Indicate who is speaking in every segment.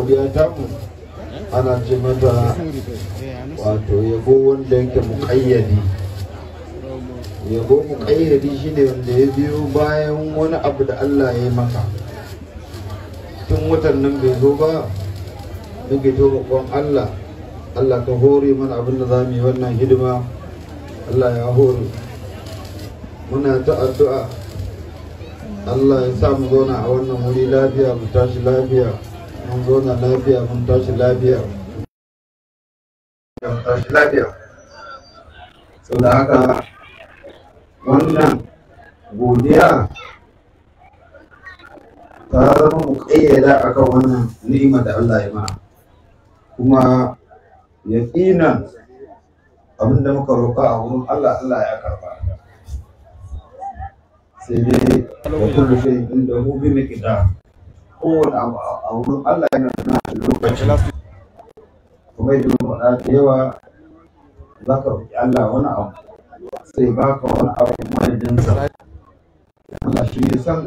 Speaker 1: godiya ta mu ana ce mata wato yabo wanda yake muƙayyadi yabo muƙayyadi shine wanda ya biyo bayan wani abu da Allah ya yi maka tun watan nan bai zo ba nake to roƙon Allah Allah ka hore mana abin da za mu yi wannan hidima Allah ya hore muna ta addu'a Allah ya sa mu zauna a wannan wuri lafiya mu tashi lafiya mun na lafiya mun tashi lafiya mun tashi lafiya sau da haka wannan godiya ta zama mu kayyada akan wannan ni'ima da Allah ya mana kuma yaqinan abinda muka roƙa a wurin Allah Allah ya karba sai dai wa kullu shay'in indahu bi miqdar kowane abu a wurin Allah yana da nashi lokaci kuma idan faɗa da yawa za ka roƙi Allah wani abu sai baka wani abu madadinsa Allah shi ya san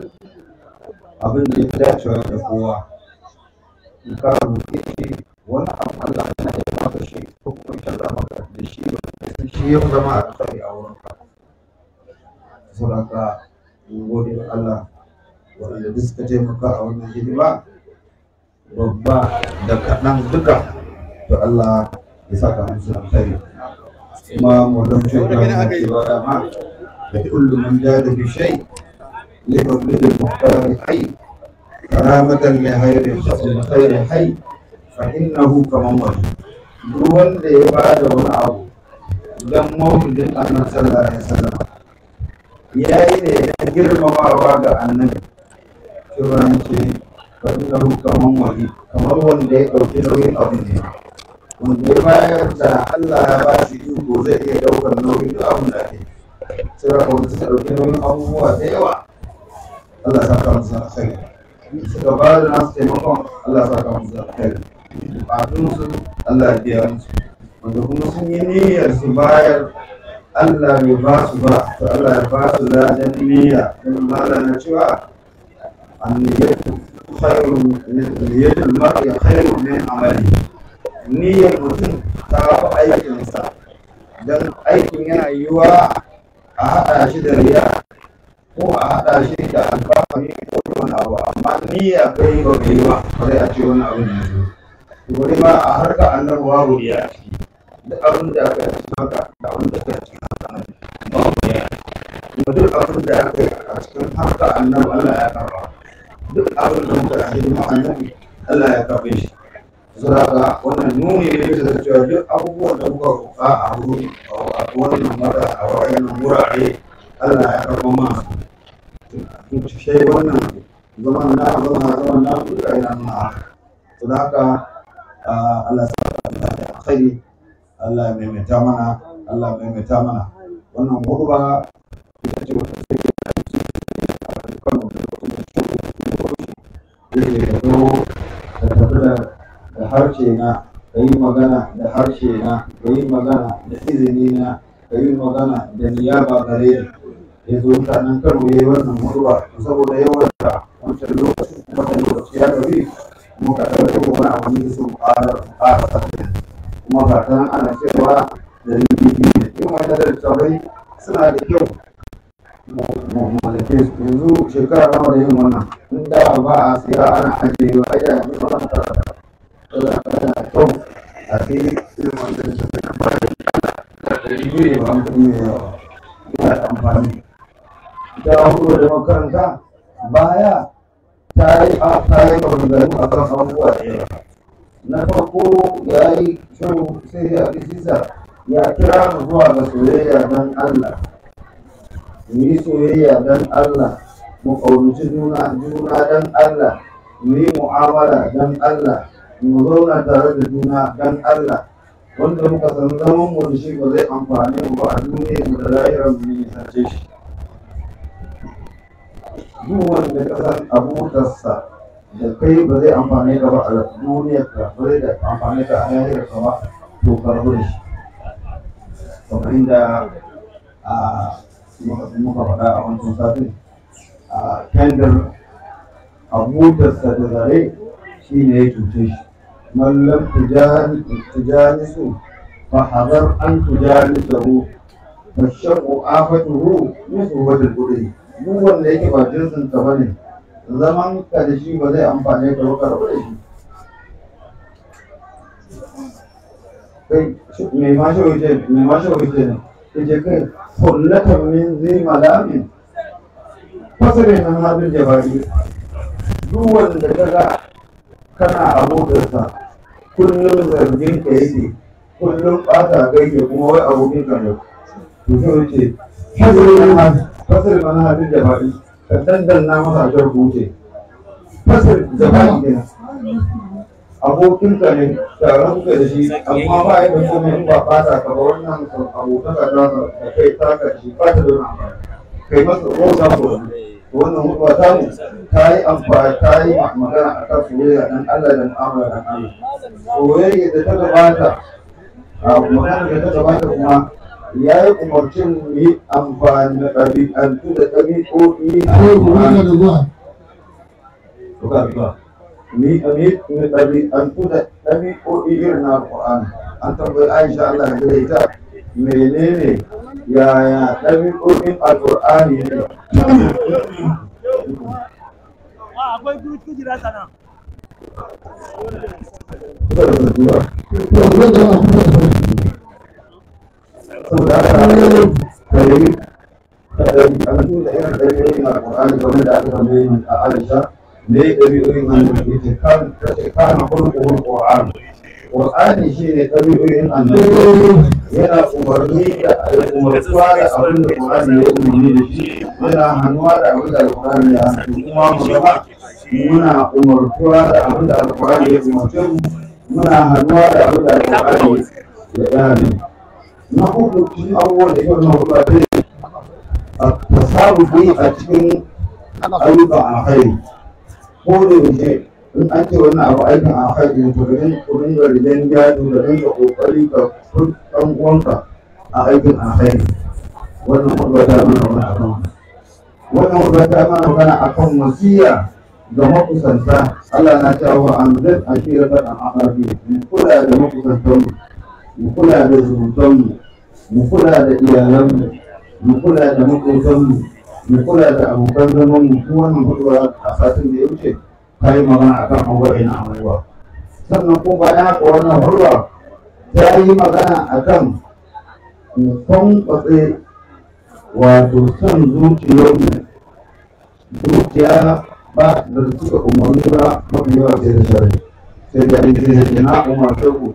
Speaker 1: abin da ya fi dacewa da kowa in ka roƙe shi wani abu Allah yana da maka shi ko kuma canza maka da shi ba shi ya zama a kai a wurinka saboda ka gode Allah wanda duk suka taimaka a wannan hidima babba da kaɗan duka to Allah ya sa ka hansu kuma mu da mutum da mutum ba da ma da kullu man da bi shay li da muhtar hayy karamatan li hayri fadl khayri hayy fa innahu kaman wajh duk wanda ya ba da wani abu dan mawlidin annabi sallallahu alaihi wasallam yayi ne girmamawa ga annabi kirance fa innahu kamun wani kamar wanda ya ɗauki nauyin abu ne wanda ya bayar da Allah ya ba shi iko zai iya ɗaukar nauyin duk abin da ake sai ka wanda suka ɗauki nauyin abubuwa da yawa Allah ya saka musu alkhairi suka ba da nasu taimakon Allah ya saka musu alkhairi bukatun su Allah ya biya musu wanda kuma sun yi niyyar su bayar Allah bai ba su ba to Allah ya ba su ladan niyya don Allah na cewa النية خير من نية المرء خير من عمله niyyar mutum ta fi aikinsa don aikin yana yiwuwa a haɗa shi da riya ko a haɗa shi da alfahari ko wani abu amma niyya bai ba bai ba bare a wani abu ne wani ma a harka annabi babu riya da abin da aka yi haka da abin da aka yi cikin haka babu riya kuma duk abin da aka yi a cikin harka annabi Allah ya karba duk abin da muka rasu ma annabi Allah ya kafe shi saboda wannan nuni ne da cewa duk abubuwan da muka roƙa a wuri a wannan mara a wayannan wurare Allah ya karba ma sai wannan zaman na zaman zaman na duka ina nuna haka to da haka Allah ya sa da alkhairi Allah ya maimaita mana Allah ya maimaita mana wannan gurba ita ce wata ce ka zo tafi da harshe na ka yi magana da harshe na ka yi magana da izini na ka yi magana da niyaba gare ni ya zo mutanen ya yi wannan mutuwa saboda yawanta wancan lokacin wannan lokaci ya ɗauri muka ɗauki kuma ko wani su ƙara ƙara kuma ba ta ana cewa da ne in wani da tsarai suna da kyau Mu mallake su yanzu shekara nawa da yin wannan in da ba a siya ana ajiye wa ajiya yanzu ba zan karata to za ka da kyau a fi irin wannan da ta ba da ɗari biyu ne ba mutum mai yawa Ina da amfani Ta hudu da makaranta baya ta yi a ta yi maganganu a kan abubuwa da yawa na farko ya yi kyau sai ya fi sisa ya kira mu zuwa ga soyayya don Allah mu yi soyayya don Allah mu ƙaunaci juna juna don Allah mu yi mu'amala don Allah mu zauna tare da juna don Allah wanda muka san zaman mu da shi ba zai amfani mu ba a duniya mu da lahirar mu sace shi duk wanda ka san sa da kai ba zai amfani ka ba a ka ba zai amfani ka a ka ba to karbu da shi kamar inda ka faɗa a wancan satin a tender a motarsa da zare shi ne ya cuce shi mallam tujanisu fa hazar an tujanisahu a shaqqu afatuhu musu wata kudi duk wanda yake ba jinsin ta bane zaman ka da shi ba zai amfane ka ba karɓa da shi kai me ma shi wuce ne ijikin kullatan min zai malamin fasarin nan halin jabari duk wanda ka ga kana abokinsa kullum zargin ka yake kullum ɓata gaike kuma wai abokin ka ne to sai wuce fasarin nan halin jabari ka dandanna abokinka ne taron ka da shi amma ba ya da komai ba fata ka ba wannan ka ta da kai ka shi ba ta da amfani kai masa wauta ko wannan mutuwa ta mu ta yi amfani ta yi magana a kan soyayya dan Allah da mu'amala dan Allah soyayya da ta gabata a magana da ta gabata kuma ya yi umarcin mu yi amfani da ɗabi'antu da ɗabi'o'i na al'umma. mi mi mi ɗabi an tuda ɗabi ko irin alƙur'ani an tambayi aisha allah ya gare ta menene yaya ɗabi ko in alƙur'ani ne akwai kujira sana saboda haka ɗabi an tuda irin ɗabi ne alƙur'ani game da aka tambayi a aisha da ya ɗabi'o'in annabi ya ce kana hulkuhul ƙoran qurani shi ne ɗabi'o'in annabi yana umarni da umartuwa da abin da ƙorani ya umarni da shi Muna hannuwa da abin da ƙorani ya hannu kuma mu gaba muna umartuwa da abin da ƙorani ya umarce mu muna hannuwa da abin da ƙorani ya gane na uku cikin abubuwan da ya nuna kuɗaɗe a tasarufi a cikin ayyukan kai. ko da yaushe in an ce wannan abu aikin a haƙin to da ku dinga rigen gado da dinga kokari ka ɗan uwanka a aikin a haƙi wannan kuma ta mana wani akan wannan kuma ta mana magana akan wasiya ga makusanta Allah na cewa wa amzir ashiratan ta aqrabi mu kula da makusantanmu mu kula da zumuntanmu mu kula da iyalanmu mu kula da makotanmu mu kula da abokan zaman mu kuma wannan hudu a satin da ya wuce ta yi magana akan abubuwan abubuwa sannan kuma bayan haka wannan hudu ta yi magana akan kan kwatse wato son zuciyar zuciya ba da suka umarni ba mafi yawa sai da shari sai da yake da na Umar ku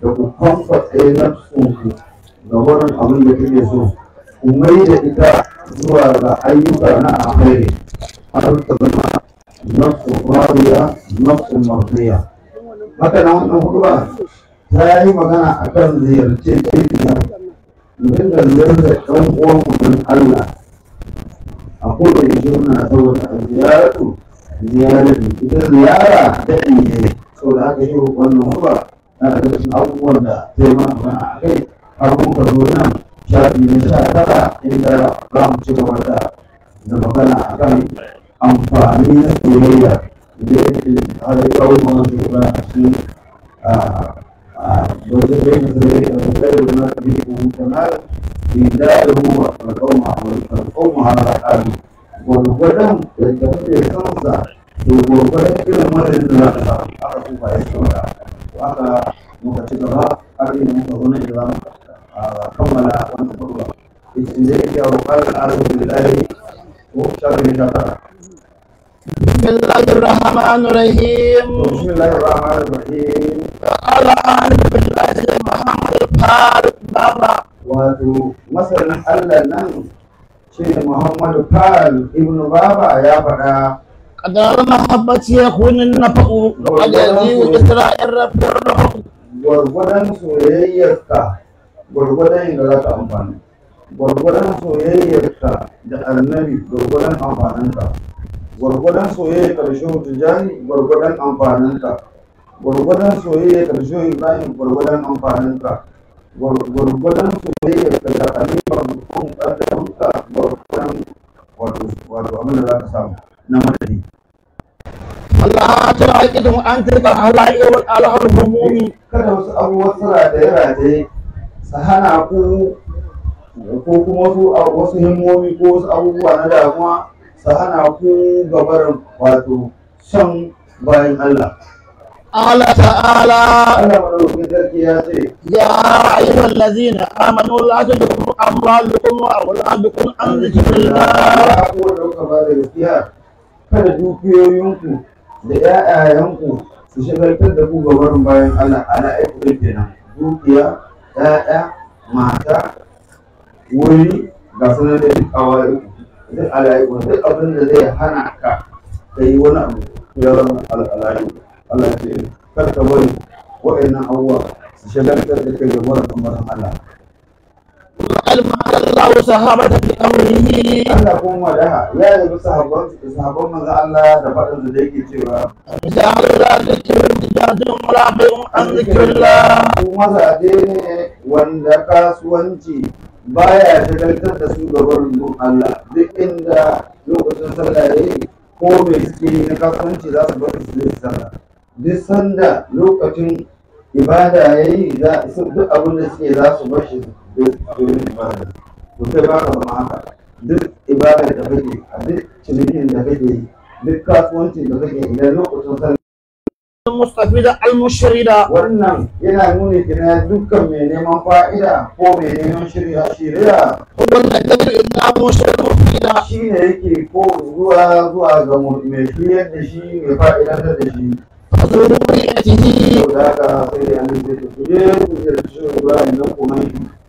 Speaker 1: da ku kan kwatse na tsunku ga wurin abin da kake so ku mai da ita zuwa ga ayyuka na alkhairi har ta zama nafsu rariya nafsu marziya haka nan wannan huduwa ta yi magana akan ziyarce cibiya dinga ziyartar ɗan uwan mutum Allah a ya kowane shirna saboda a ziyaratu ziyarar ita ziyara ta ɗanye saboda haka yi wannan huduwa na daga cikin abubuwan da zai mana a kai har muka zo nan shafi na sha tara inda za mu ci gaba da magana a kan amfani na soyayya da yake har kawo mana shugaba a cikin wajen bai da zai da zai da na da ko mutana da da ruwa a kauma a wani kauma har da kari gwargwadon da ta fi kansa to gwargwadon irin madadin da za ta samu aka kuma ya saura aka muka ci gaba har yi muka zo na kammala wannan kurwa yace zai iya roƙar al'adu billahi ko sharri da ta بسم الله الرحمن الرحيم بسم الله الرحمن الرحيم قال أعلم بالله محمد الفاروق بابا nan shi Muhammadu Kal Ibn Baba ya faɗa. Kadar mahabbaci ya kunin na fa'u, kadar yi wa Isra'in rafiyar da gwargwadon yadda za ka amfani gwargwadon soyayyarka da annabi gwargwadon amfaninta gwargwadon soyayyar karshe shehu tijjani gwargwadon amfaninta gwargwadon soyayyar karshe shehu ibrahim gwargwadon amfaninta gwargwadon soyayyarka da annabi kun kaddamunka gwargwadon wato wato abin da za ka samu na madadi Allah ta haƙi da mu an tirka halaye wal kada wasu abubuwa sura da yara da su hana ku ko kuma wasu himmomi ko wasu abubuwa na damuwa su hana ku gabar wato shan bayan Allah. Allah ta'ala ya ce ya ayyuhal ladzina amanu la tudrikum amwalukum wa auladukum an dhikrillah ko da kuka ba da gaskiya kada dukiyoyinku da ƴaƴayenku su shagaltar da ku gabarin bayan Allah ana aiki kenan dukiya ɗaya mata wuri ga sunan da duk a awari duk alayiku duk abin da zai hana ka ka yi wani abu ya zama al'alayu Allah ce kar ka bari wa'annan abubuwa su shagaltar da kai ga mara kamar Allah المهد الله صحابة بأمره Allah kuma da ya yabi sahabban sahabban manzo Allah da faɗin da ke cewa jalu la zikr jadun rabiun an zikrillah kuma sade ne wanda kasuwanci baya shagaltar da su ga barin gaban Allah duk inda lokacin sallah yayi ko mai suke na kasuwanci za su bar su zai sallah duk sanda lokacin ibada yayi za su duk abin da suke za su bar shi su duk abin ibada to sai ba ka zama haka duk ibada da kake a duk cinikin da kake yi duk kasuwancin da kake idan lokacin san mustafida al-mushrida wannan yana nuni kina dukkan mai neman fa'ida ko mai neman shirya shirya wannan da bai da Shi ne yake ko zuwa zuwa ga mai shiryar da shi mai fa'idantar da shi Ka sai zai tafi. da فزوروا بيئته.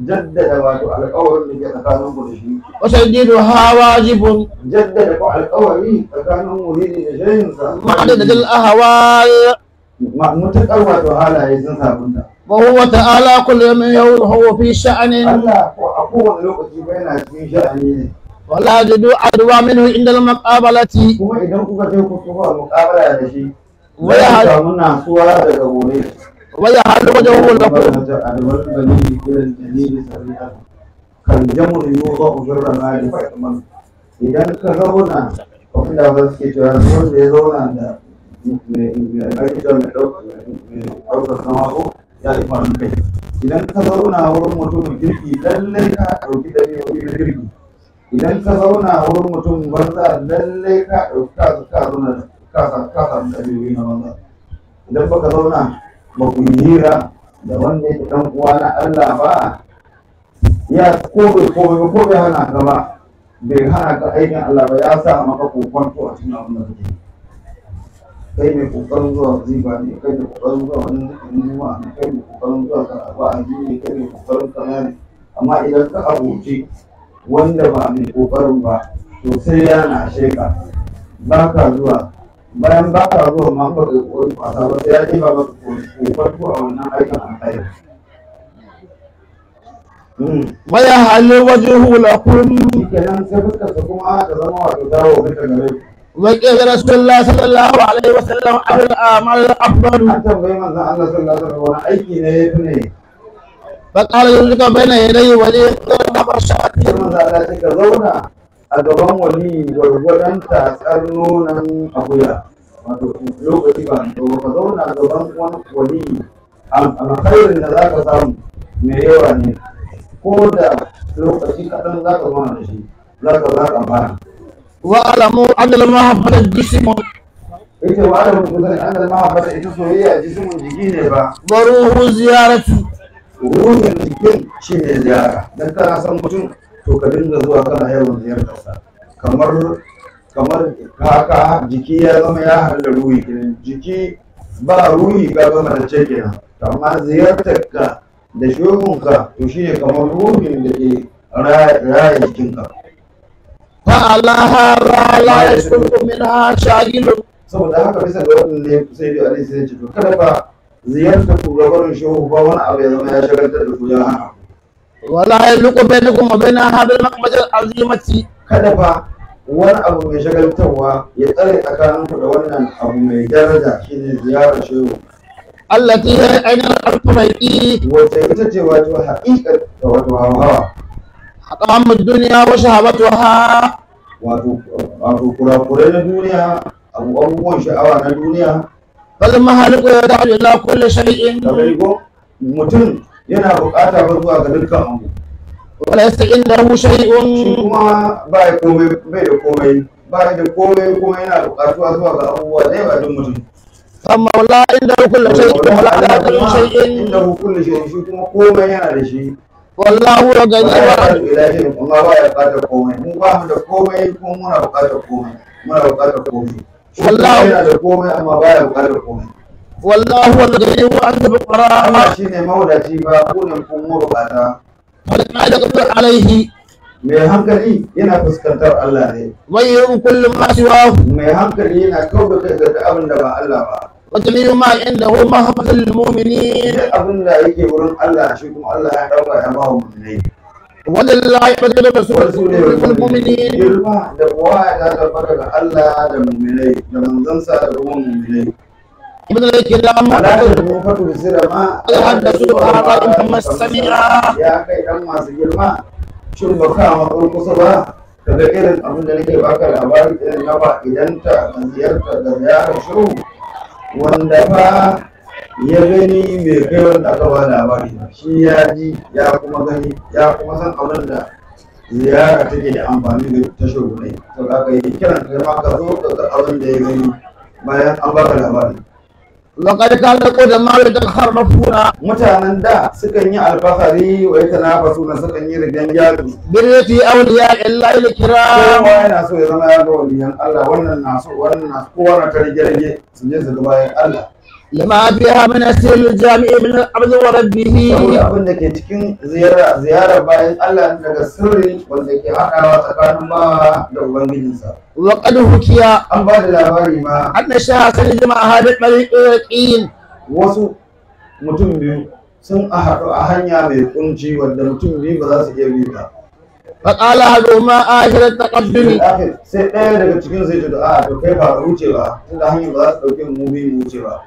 Speaker 1: جدد على الأول اللي تكانون مرشين جدد على الأول تكانون مرشين لشين معدد الأهوال متكر واتو على وهو تعالى كل يوم هو في شأن الله أقوى لوكتي في شأن ولا تجدوا عدوى منه عند المقابلة وما إذا كنت تقول مقابلة هذا
Speaker 2: ويا هذا
Speaker 1: ويحل وجهه له kan idan ka zauna kuma da ba suke cewa sun da zauna da aikidon da ɗaukar sama ko ya yi faru kai idan ka zauna wurin mutumin girki lallai ka ɗauki da girki idan ka zauna wurin mutum banza lallai ka ɗauki na banza idan baka zauna ba ku hira da wanda yake dan uwa na Allah ba ya kobe kobe ko bai bai hana ka ba bai hana ka aikin Allah ba ya sa maka kokonto a cikin abin da kake kai mai kokarin zuwa ziba ne kai mai kokarin zuwa wani zikirin juma'a ne kai mai kokarin zuwa karaba a jini kai mai kokarin kana ne amma idan ka abuce wanda ba mai kokarin ba to sai ya na sheka ba ka zuwa bayan ba ka zuwa ma ba ka koyi kwasa ba sai ya ce ba ka koyi ko a wannan aikin alkhairi Maya halin waje hula kun. Kenan sai fuskar su kuma ta zama wato dawo ga gare ku. وقال رسول الله صلى الله عليه وسلم على الأعمال الأفضل فقال يلقى بين يديه ولي قرن برشاتي a gaban wani gwargwadon tatsar nonon akuya wato lokaci ba to ka zauna a gaban wani wani alkhairin da za ka samu mai yawa ne ko da lokaci kaɗan za ka zauna da shi za ka za ka fara. wa alamu annal mahaifar jisimu ita wa alamu ku zai mahaifar da ita soyayya jisimun jiki ne ba. baruhu ziyaratu ruhin jikin shi ne ziyara don kana son mutum to ka dinga zuwa kana yawan ziyartarsa kamar kamar haka jiki ya zama ya halar ruhi kenan jiki ba ruhi ka zama da ce kenan amma ziyartar ka da shugunka to shi ne kamar ruhin da ke raya jikinka fa'ala hara la yasbuku minha shagilu saboda haka bisa ga wannan ne sai da alai sai ce to kada ba ziyartar ku gabarin shehu ba wani abu ya zama ya shagaltar da ku ya wala ya luku bai luku ma na haɗar makamajar azimaci kada fa wani abu mai shagaltarwa ya tsare tsakaninku da wannan abu mai daraja shine ziyarar shehu Allah ta yi ainihin alfuraiki wata ita ce wato haƙiƙar da wato hawa haƙa mu duniya wa shahabatu ha wato kurakurai na duniya abubuwan sha'awa na duniya kalmar halittu ya da'a ila kulli shay'in mutum yana bukata ba zuwa ga dukkan abu wala yastaqin lahu shay'un kuma ba ya komai bai da komai ba ya da komai kuma yana bukatuwa zuwa ga abubuwa da ba duk mutum amma wala inda kullu shay'in wala da kullu shay'in inda kullu shay'in shi kuma komai yana da shi wallahu ya gani ba Allah ba ya bukatar komai mu ba mu da komai kuma muna bukatar komai muna bukatar komai wallahu yana da komai amma ba ya bukatar komai wallahu alladhi huwa anzal al-qur'ana Allah shine mawdaci ba ku ne kun mabata wal qadatu alayhi mai hankali yana fuskantar Allah ne wai yau kullum ma siwa mai hankali yana kauda kai ga abin da ba Allah ba وجميع ما عنده مهبة للمؤمنين أبن لا يجي ورن الله شكم الله يحرق يا ما مؤمنين ولله يبدل الرسول للمؤمنين يلوى دواء لا تفرق الله للمؤمنين لمن ruwan للمؤمنين مثل الكرام ولا تدموك بسرما تحدثوا أعضاء محمد السميرة يا أخي أما سجلما شن بكا مقول قصبا daga irin abin da nake baka labari irin na idan ta ziyarta da ziyarar wanda fa ya gani mai kai wanda aka ba labari shi ya ji ya kuma gani ya kuma san abin da ziyara take da amfani da ta shiru ne ka kai abin da ya gani bayan an baka labari Laƙar ta da ƙudan mara ta harrafuna. Mutanen da sukan yi alfahari wa ita na fasu na sukan yi rigan yaro. Birrati auliya illa ila kira. Kowa yana so ya zama ya ga waliyan Allah wannan na so wannan na so kowa ta rige-rige su je su ga bayan Allah. lama biya mana sirrin jami'i min abdu wa rabbihi saboda abin da ke cikin ziyara bayan Allah daga sirri wanda ke hadawa tsakanin ma da ubangijinsa wa qad hukiya an ba da labari ma anna shaha sani jama'a hadat malikin wasu mutum biyu sun haɗu a hanya mai kunci wanda mutum biyu ba za su iya bi ba فقال هذوما آخر التقدم sai ɗaya daga cikin zai ji du'a to kai ba wuce ba tunda hanyar ba za su ɗauke mu bi mu wuce ba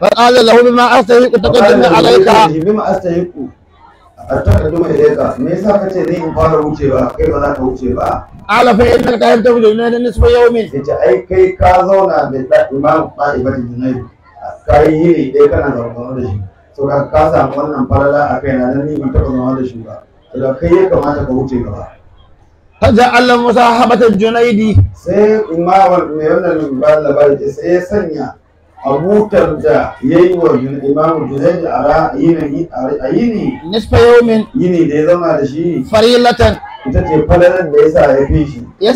Speaker 1: فقال له بما أستهيك تقدم عليك بما أستهيك أتقدم إليك ما يساك تني مقال وجبا كيف ذاك وجبا على فإنك تعبت بجنة نصف يوم إذا كي كازونا بلا إمام طائبة الجنيد كاي هيري ديكا نظر قنودش سوكا كاسا مولنا مبالا أكينا نني من تقنوا هذا شوكا سوكا كي كما تقوتي بها فجعل مصاحبة الجنيدي سي إمام ميونا المبالا بارجي سي سنيا abutar da ya yi wa imamu junaid a yini nisfa yaumin yini da ya zama da shi farilatan ita ce falalan da ya sa ya fi shi ya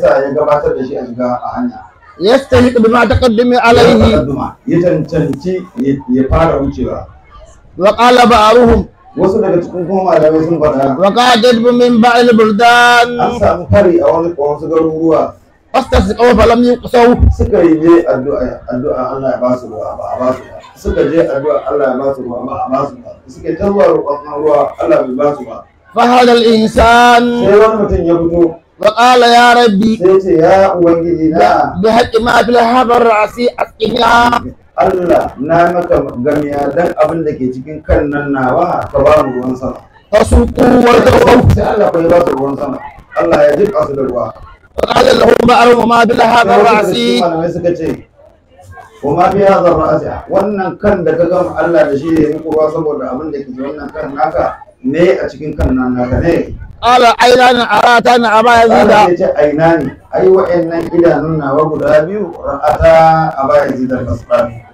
Speaker 1: sa ya gabatar da shi a shiga a hanya yastahiq bima taqaddama alayhi ya tantanci ya fara wucewa wa qala ba'ruhum wasu daga cikin kuma malamai sun faɗa wa qadad min ba'il burdan an samu fari a wani wasu garuruwa astas kawo falam yi kusau suka yi je addu'a addu'a Allah ya basu ruwa ba a ba su suka je addu'a Allah ya basu ruwa a ba suka ruwa ruwa Allah bai basu ba insan sai wani mutum ya fito wa يا ya rabbi sai ce ya ubangiji na bi haqqi ma fil habar ra'si asqiya Allah na dan abin da ke cikin kan nan nawa ka ba mu ruwan sama wa Allah ya jika da ruwa وقال له ما وما بلها من رأسي وما في هذا الرأس wannan kan da ka gama Allah da shi ne muku ruwa saboda abin da ke wannan kan naka ne a cikin kan nan naka ne ala ainani arata na aba yazida ce ainani ai wa'annan idanun nawa guda biyu ra'ata aba yazida fasfani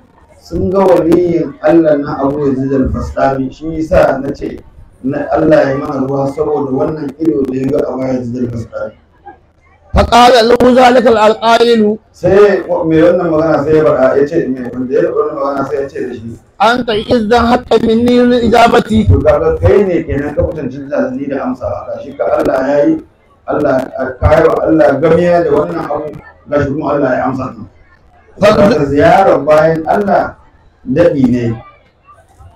Speaker 1: sun ga waliyin Allah na Abu Yazid al-Fastami shi yasa nace na Allah ya mana ruwa saboda wannan ido da ya ga aba yazid al-Fastami faƙala lahu zalikal alqailu sai me wannan magana sai ya bada yace me wanda ya wannan magana sai ya da shi an ta hatta minni ijabati to kaga kai ne kenan ka kusanci da ni da amsa ka shi ka Allah yayi Allah kai wa Allah gamiya da wannan abu ga shi kuma Allah ya amsa ni saboda ziyarar bayan Allah daɗi ne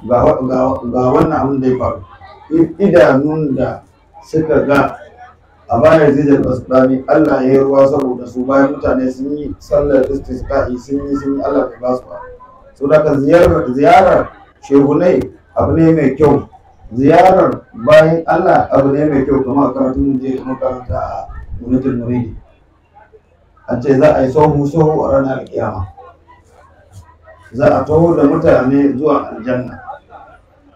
Speaker 1: ga wannan abin da ya faru idanun da suka ga amma yanzu da dami, Allah ya yi ruwa saboda su bayan mutane sun yi sallar istisqa'i sun yi sun yi Allah ta basu ba so daga ziyarar ziyarar shehunai abu ne mai kyau ziyarar bayan Allah abu ne mai kyau kuma karatun je makaranta a gwamnatin muridi an ce za a yi sohu sohu a ranar kiyama za a taho da mutane zuwa aljanna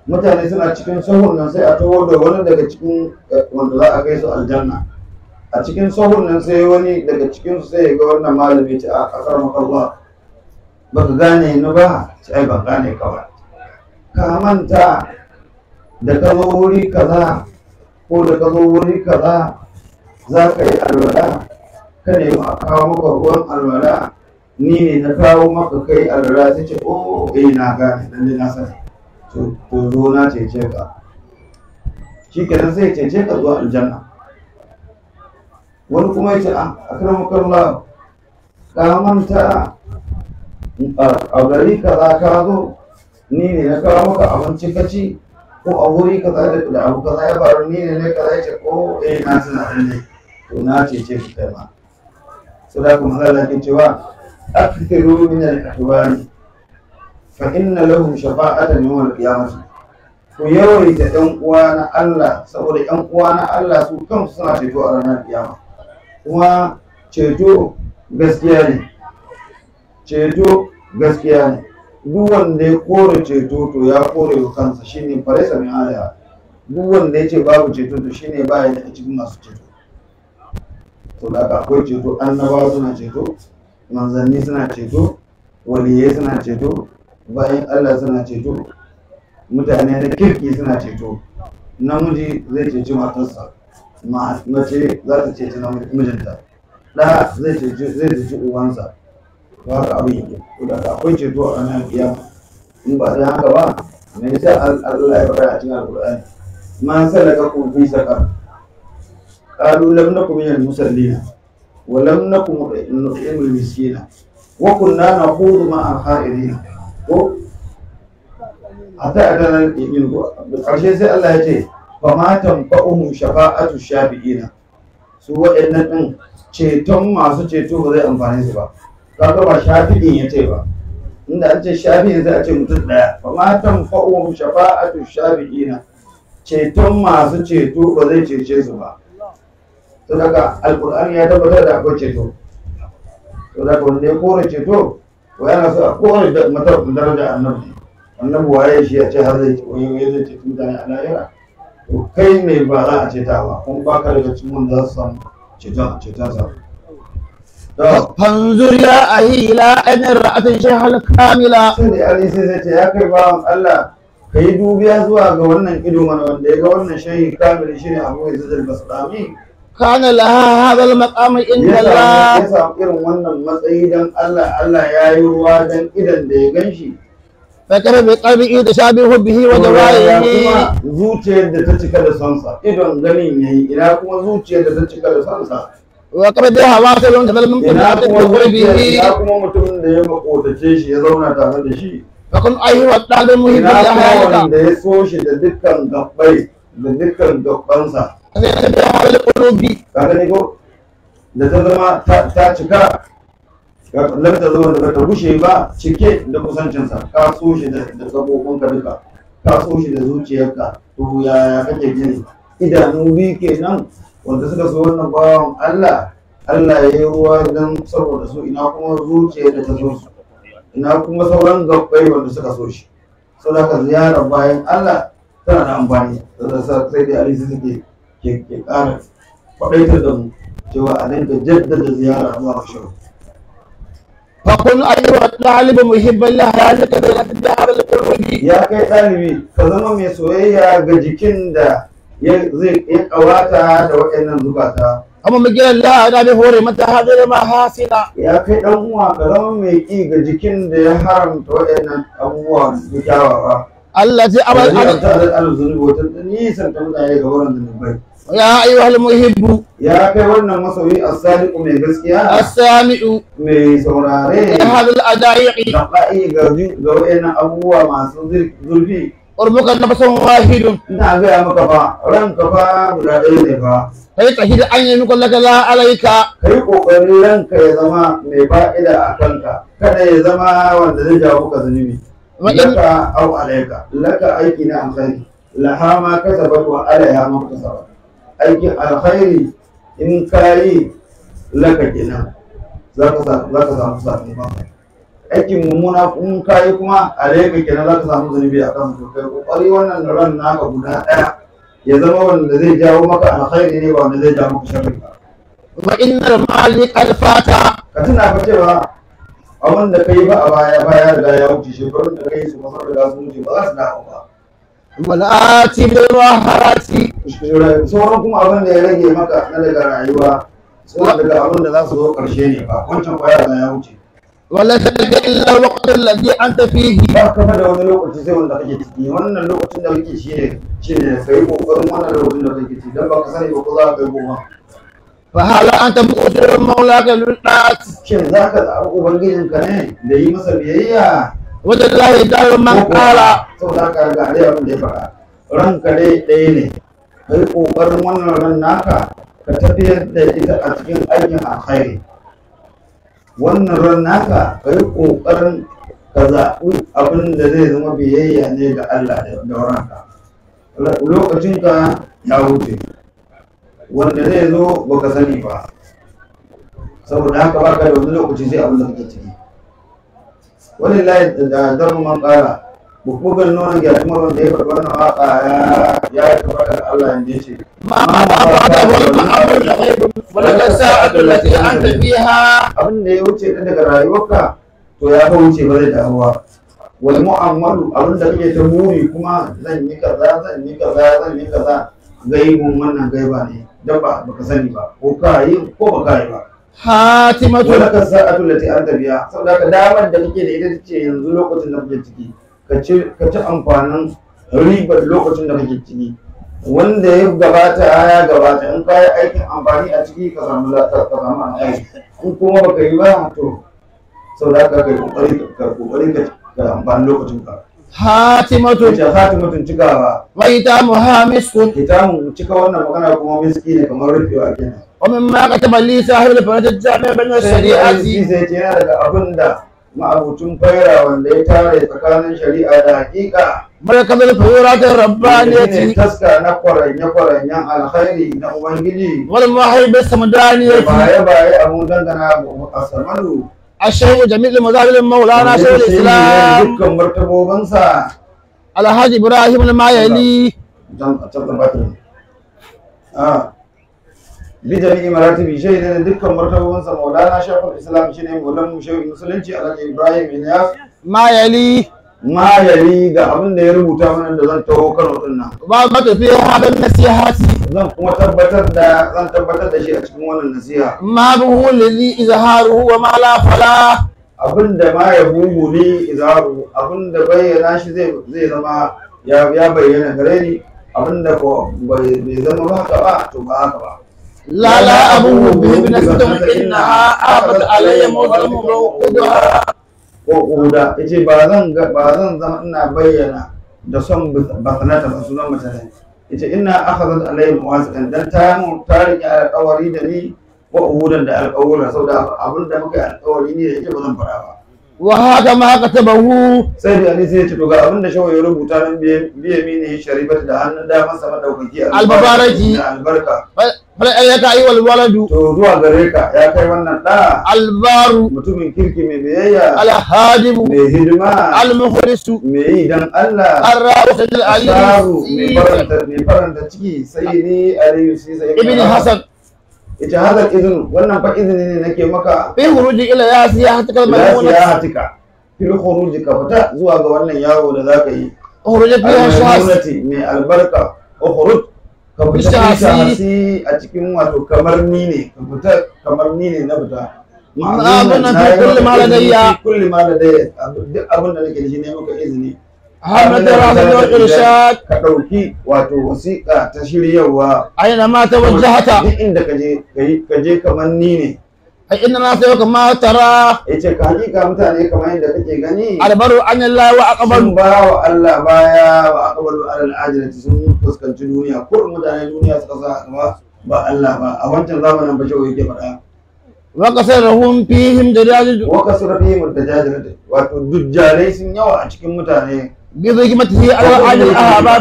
Speaker 1: mutane suna cikin sahun nan sai a taho da wani daga cikin eh, wanda za a kai su aljanna a cikin sahun nan sai wani daga cikin su sai ga wannan malami ta a ah, kasar makarwa ba ka gane ni ba sai ban gane kawai ka manta da ka zo wuri kaza ko da ka zo wuri kaza za ka yi alwala ka nemi a kawo maka ruwan alwala ni ne na kawo maka kai alwala sai ce o oh, eh na gane lalle na sani to zo na cece ka shi ke nan zai cece ka zuwa aljanna wani kuma ya ce a ah, akramakallah ka manta a gari kaza ka zo ni ne na kawo maka abinci ka ci ko a wuri kaza da abu kaza ya faru ni ne na kaza ya ce ko oh, eh na tuna ne to na cece ku kai ma da sadaka mahalala ke cewa akithiru min al-ihwani fa inna lahum shafa'atan yawm al-qiyamah ku yawaita ɗan uwa na Allah saboda ɗan uwa na Allah su kan suna ceto a ranar ƙiyama. kuma ceto gaskiya ne ceto gaskiya ne duk wanda ya kore ceto to ya kore wa kansa shine farisa min alaiha duk wanda ya ce babu ceto to shine baya daga cikin masu ceto to da akwai ceto annabawa suna ceto manzanni suna ceto waliyai suna ceto bayan Allah suna ceto mutane da kirki suna ceto namiji zai ceci matarsa mace za ta ceci mijinta ɗa zai ceci zai ceci uwansa ba ka abin yake ko da akwai ceto a ranar kiyama in ba da haka ba me yasa Allah ya fara a cikin alƙur'ani ma salaka ku fi saka qalu lam nakum min musallina wa lam nakum min miskina wa kunna naqulu ma al-khairin ko hatta a ranar ɗin ƙarshe sai Allah ya ce ba ma shafa'atu shafi'ina su waɗannan ɗin ceton masu ceto ba zai amfani su ba kaga ba shafi'in ya ce ba inda an ce shafi'in sai a ce mutum ɗaya ba ma tanfa'uhum shafa'atu shafi'ina ceton masu ceto ba zai cece su ba to daga alƙur'ani ya tabbatar da akwai ceto to daga wanda ya kore ceto a وأنا سأقوم مثلا من درجة النبي النبي وهي شيء ce ويزيد تكون على غيره to kai ne ba za a ce ta ba kuma ba ka daga cikin wanda za su samu ceton ceton sa fanzur ya ayi ila ainin ra'atin shahal kamila sai da ali sai sai ce ya kai ba Allah ka yi dubiya zuwa ga wannan ido mana wanda ya ga wannan shahi shi ne Abu Yazid al-Baslami kana laha hadal maqama inda Allah ya samu irin wannan matsayi dan Allah Allah ya yi ruwa dan idan da ya ganshi fakar bi qalbi da shabi hubbihi wa dawaihi zuciyar da ta cika da sonsa idan ganin yayi ina kuma zuciyar da ta cika da sonsa wa qarbi hawa ta lon da mumkin da ta qurbihi ina kuma mutumin da ya makotace shi ya zauna tare da shi fakun ayi wa dalil muhibbi da ya so shi da dukkan gabbai da dukkan gabbansa zai ka da halin kulubi ka gani ko da ta zama ta cika lam ta zama da ta gushe ba cike da kusancinsa ka so shi da gabobinka duka ka so shi da zuciyarka to yaya kake gini idanu biyu kenan wanda suka so wannan bawan Allah Allah ya yi ruwa don saboda su ina kuma zuciyar da ta so su ina kuma sauran gabbai wanda suka so shi saboda ka ziyara bayan Allah tana da amfani da sai dai alisi suke ke ƙara kwaɗaitar da mu cewa a dinga jaddada ziyara zuwa shau فقل أيها الطالب محب الله ذلك بلد الدهر القربي يا كي طالبي كزما مي سويا ga jikin da ya zai da waɗannan zukata amma mu gina Allah da bai hore mata hadira ma hasina ya kai dan ka zama mai ki ga jikin da ya haramta waɗannan abubuwa kyawawa Allah ce amal ya ayu hal muhibbu ya kai wannan masoyi as-sadiqu mai gaskiya as-sami'u mai saurare ya hadal adaiqi da ba'i ga ga wayannan abubuwa masu zurfi urbuka nafsun wahidun ina ga maka fa ranka fa guda ɗaya ne fa kai tahid an yi maka laka la alaika kai kokarin ranka ya zama mai fa'ida a kanka kada ya zama wanda zai jawo ka zunubi laka au alaika laka aiki na alkhairi laha ma kasabat wa alaiha ma kasabat aikin alkhairi in kayi laka kenan za ka samu sakamakon aikin mummuna in kayi kuma alaika kenan za ka samu zunubi a kan kai kokari wannan ran naka guda daya ya zama wanda zai jawo maka alkhairi ne ba wanda zai jawo maka sharri ba wa innal malik alfata ka tuna fa cewa abin da kai ba a baya baya da ya wuce shekarun da kai su masar da sun wuce ba za su dawo ba wal'ati bil maharati sauran kuma abin da ya rage maka na daga rayuwa sauran daga abin da za su zo karshe ne ba wancan baya da ya wuce wala daga illa waqt alladhi anta fihi ba kama da wani lokaci sai wanda kake ciki wannan lokacin da kake shi ne shi ne sai kokarin wannan lokacin da kake ciki dan ba ka sani ba ko za ka kai goma fahala an tafi kusurin maulaka lulɗas shin za ka zaɓi ka ne da yi masa biyayya wata lahi darin man ƙara sau da ka riga da abin da ya faɗa ranka dai ɗaya ne kai ƙoƙarin wannan ran naka ka tafiyar da ita a cikin aikin alkhairi wannan ran naka kai ƙoƙarin ka zaɓi abin da zai zama biyayya ne ga Allah da ranka lokacinka ya wuce wanda zai zo baka sani ba saboda haka ka da wani lokaci sai abin da kake ciki wani layi da darmu man kara bukugan nuna ga kuma da ya karɓar na waka ya ya karɓar da Allah ya ce ma ba ba da wani ba. da kai balaga sa'adul an tafiha abin da ya wuce ta daga rayuwarka to ya fa wuce ba zai dawo ba wal mu'ammalu abin da ta muri kuma zan yi kaza zan yi kaza zan yi kaza gaibun wannan gaiba ne ba baka sani ba ko ka yi ko baka yi ba hatimatu laka sa'atu lati anta biya saboda ka damar da kake da ita ce yanzu lokacin da kake ciki ka ci amfanin ribar lokacin da kake ciki wanda ya gabata ya gabata in ka yi aikin amfani a ciki ka samu lafiya ka samu aiki in kuma baka yi ba to saboda ka kai kokari ka kokari ka amfani lokacin ka hati mutun ita hati mutun cikawa wa ita muhammis kun ita mu cika wannan magana kuma miski ne kamar rufewa kenan wamin ma ka taba li sahib al fanat jami'a bin al shari'a zi zai ce yana daga abinda ma'abucin fayara wanda ya tare tsakanin shari'a da hakika malaka mai fura ta rabba ne ce taska na kwarenya kwarenyan alkhairi na ubangiji wal mahaibi samdaniya baya baya abun dangana ga asamanu الشيخ جميل مزاهر مولانا شيخ الاسلام الحاج ابراهيم المايلي bijami maratibi shaidan dukkan martabobinsa maulana shafin islam shine maulan musulunci alhaji ibrahim inyas mayali mayari ga abin da ya rubuta mana da zan taho kan din nan ba matafiyan halin nasihati zan kuma tabbatar da zan tabbatar da shi a cikin wannan nasiha ma ruhu lizi izharu wa ma la fala abinda ma ya bugu ni izharu abinda bayyana shi zai zai zama ya ya bayyana gare ni abinda ko bai zama ba ka ba to ba ka ba la la abu bi bi nasdum inna abad alayya mawdum mawqudha waƙuda ya ce ba zan zama ina bayyana da son basanata ba sunan mace ne ya ce ina aka zan alayi muwasiƙan dan ta mun ta riƙe alƙawari da ni ko waƙudan da alƙawura da abin da muka yi alƙawari ne da ita ba zan fara ba. wa haka ma haka ta bahu sai da alisi ya ce to ga abin da shawar ya rubuta nan biye mini sharifat da hannun damansa madaukaki da albarka Wala ya ta yi wal waladu. To zuwa gare ka ya kai wannan ɗa. Albaru. Mutumin kirki mai biyayya. Alhadimu. Mai hidima. Almuhrisu. Mai yi dan Allah. Arrabu sajil aliyu. Arrabu mai faranta mai faranta ciki sai ni aliyu sai sai. Ibn Hasan. Ita hada izinu wannan fa izini ne nake maka. Fi huruji ila ya siya hatika. Ya siya hatika. Fi huruji ka fita zuwa ga wannan yawo da zaka yi. Huruji fi wasu Mai albarka. Uhurut ka fi hasi a cikin wato kamar ni ne ka fita kamar ni ne na fita abin nan fi kulli ma ladayya kulli ma ladayya duk abin da nake da shi ne maka izini Ahmad Rahman Irshad ka dauki wato wasiƙa ta shiryawa aina ma ta wajjahata duk inda ka je ka je kamar ni ne ai inna na sayo kama tara yace ka hakika mutane kamar yadda kake gani albaru an Allah wa aqbal ba wa Allah baya wa aqbalu alal ajilati sun fuskanci duniya ko mutane duniya suka sa gaba ba Allah ba a wancan zamanin ba shawai yake faɗa wa kasarhum fihim dajaj wa kasarahum dajajaj wato dujjalai sun yawa a cikin mutane bi hikimatihi ala ajil Ka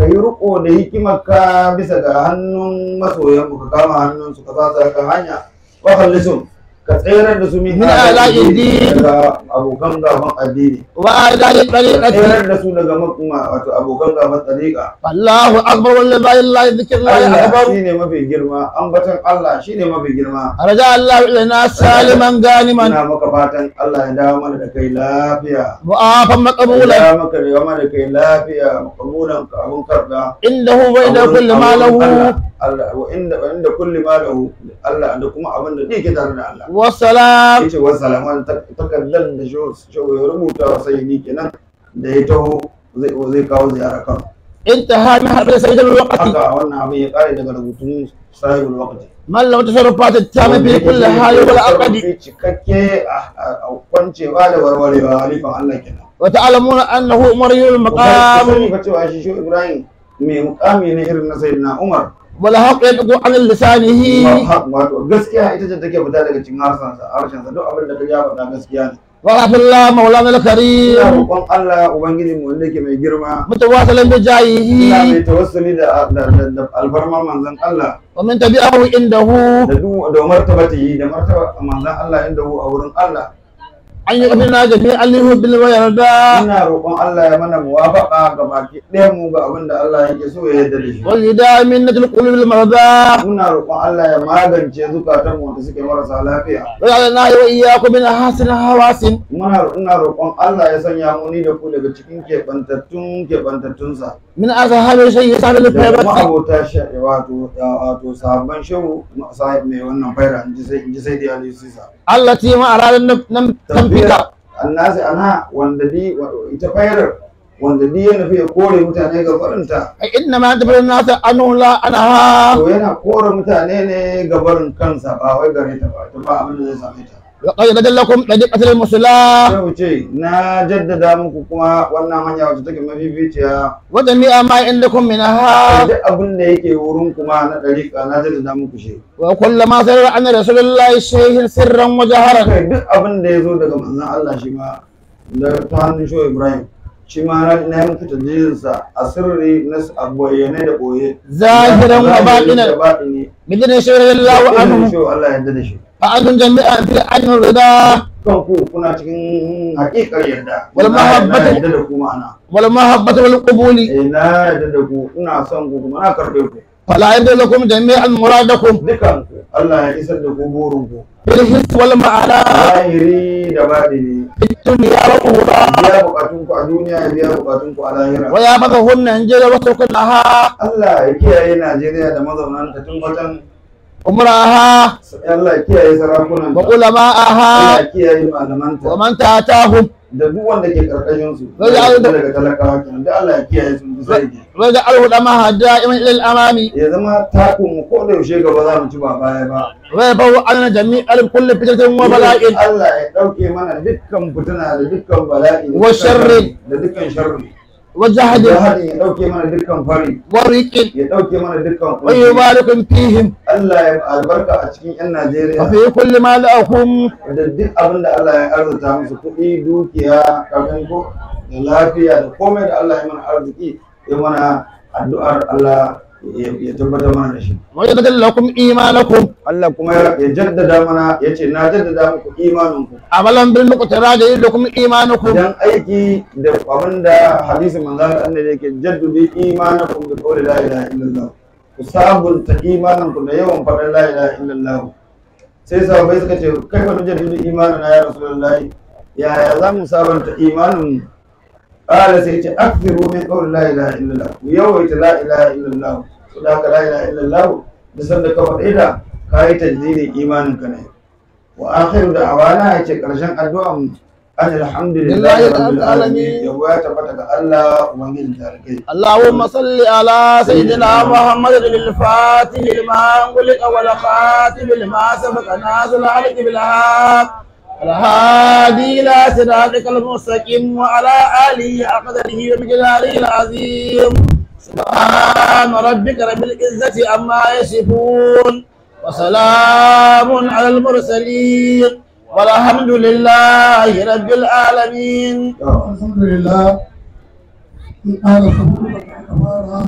Speaker 1: kai riko da hikimarka bisa ga hannun masoyan ka kama hannun su ka sa ka hanya واخر اللزوم ka tsere da su min alaƙin dini daga abokan gaban addini wa alaƙin ɗariƙa tsere da su daga makuma wato abokan gaban ɗariƙa Wallahu akbar wannan bayan Allah zikirin Allah akbar shi ne mafi girma ambaton Allah shi ne mafi girma raja Allah ilana saliman ganiman ina maka fatan Allah ya dawo mana da kai lafiya mu'afan maqbulan ya maka da mana da kai lafiya maqbulan ka abun karda indahu wa inda kulli ma lahu Allah wa inda kulli ma lahu Allah da kuma abin da yake tare da Allah wasalam Ita wasalam wani takardar da shi ya rubuta wa sayyidi kenan da ya taho zai kawo ziyara kan انتهى من هذا سيد الوقت وانا ابي قال اذا ربطون صاحب الوقت ما لو تصرفات التامه في كل حال ولا اقدي cikakke a kwancewa da warwarewa halifan Allah kenan wa ta'lamuna annahu umar yul maqam fa cewa shi shu ibrahim mai muqami ne irin na sayyidina umar wala haƙa ya ɗago an lissani hi wato gaskiya ita ce take fita daga cikin harshen sa duk abin da ka jaba na gaskiya ne wa rafilla maulana al-karim ina roƙon Allah ubangiji mu wanda mai girma mutawassalin bi jayi ina mai tawassuli da albarma manzon Allah wa min tabi'ahu indahu da duk da martabati da martaba manzon Allah indahu a wurin Allah an yi wani na gani alihu bil yarda ina roƙon Allah ya mana muwafaqa ga baki ɗaya mu ga abin da Allah yake so ya yarda da shi wa yida min natul qulub bil marada ina roƙon Allah ya magance zukatan mu da suke marasa lafiya wa ya'alna wa iyyakum min hasin hawasin muna ina roƙon Allah ya sanya mu ni da ku daga cikin kebantattun kebantattun sa min azhabi shay sabil fayba ma abota shi wato wato sahabban shehu sahib mai wannan fayra in ji sai in ji sai da alisi sa Allah ta yi ma a ranar nan tamfika annasi ana wanda di ita fayar wanda di ya nufi ya kore mutane ga barinta a inna ma ta barin nasa anula anha to yana kore mutane ne ga barin kansa ba wai gare ta ba to ba abin da zai same ta laqad nadallakum dariqatul musla sai wuce na jaddada muku kuma wannan hanya wacce take mafificiya wadan ni amma indakum minha duk abin da yake wurin kuma na dariqa na jaddada muku shi wa kullu ma sarra anna rasulullahi shayhin sirran wa jaharan duk abin da yazo daga manzon Allah shi ma da ta hannun shoyi Ibrahim shi ma na yi muku tajiyinsa a sirri na bayyane da boye zahiran wa baɗinan bidin shirin Allah wa anhu Allah ya yarda da shi A ba'adun jami'a fi ajin rida kan ku kuna cikin hakikar yarda wal mahabbata yarda da ku ma'ana wal mahabbata wal qubuli eh na yarda da ku ina son ku kuma na karbe ku fala yarda lakum jami'an muradakum dukan ku Allah ya isar da ku burin ku bil his wal ma'ana zahiri da batini dunya wa ukhra ya bukatun ku a duniya ya bukatun ku a lahira wa ya baka hunna injira wa tukullaha Allah ya kiyaye Najeriya da mazaunanta tun wajen. umraha Allah kiyaye sarakunan wa ulama'aha Allah kiyaye malamanta wa man ta'atahum da duk wanda ke karkashin su daga talakawa kenan da Allah kiyaye su da zai raja alhuda ma da'iman ilal amami ya zama takun ko da yaushe gaba za mu ci ba baya ba wa bawu anna jami'al kulli wa bala'in Allah ya dauke mana dukkan fituna da dukkan bala'i wa sharri da dukkan sharri وجهد يدوكي من دكان فري وريك يدوكي من دكان ويبارك فيهم الله البركة أشكين إن نيجيريا وفي كل ما لهم دك أبن الله يأرض تامس كوي دوكيا كابنكو لافيا كومد الله يمن أرضكي يمنا الدعاء الله ya tabbatar mana da shi wa yadda lakum imanakum Allah kuma ya jaddada mana yace na jaddada muku imanin ku amalan bil muqtara da yadda kuma imanukum dan aiki da abinda hadisi manzo Allah yake jaddudi imanakum bi qawli la ilaha illallah ku sabunta imanin ku da yawan faɗin la ilaha illallah sai sahabbai suka ce kai fa jaddudi imanana ya rasulullahi yaya za mu sabunta imanin mu قال سيتي أكثروا من قول لا إله إلا الله ويويت لا إله إلا الله to da haka la ilaha illallah da ka faɗe ta ka yi tajdidin imanin ka ne wa akhiru da awana ake karshen addu'an mu alhamdulillahi rabbil alamin ya tabbata ga Allah ubangijin tarikai Allahumma salli ala sayyidina Muhammad lil fatih lil mangulik wal khatib lima sabaqa nazil halik bil haq الهادي إلى صراطك المستقيم وعلى آله أقدره ومقداره العظيم سبحان ربك رب العزة عما يصفون وسلام على المرسلين والحمد لله رب العالمين الحمد لله قال سبحانه وتعالى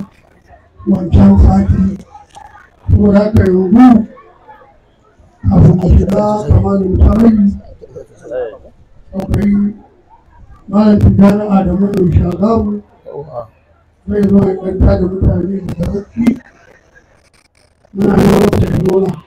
Speaker 1: wancan sati tura ta yugu kafin a shiga kamar mutane akwai malam 所以说，他怎么怎么去？怎么去？那要钱多了。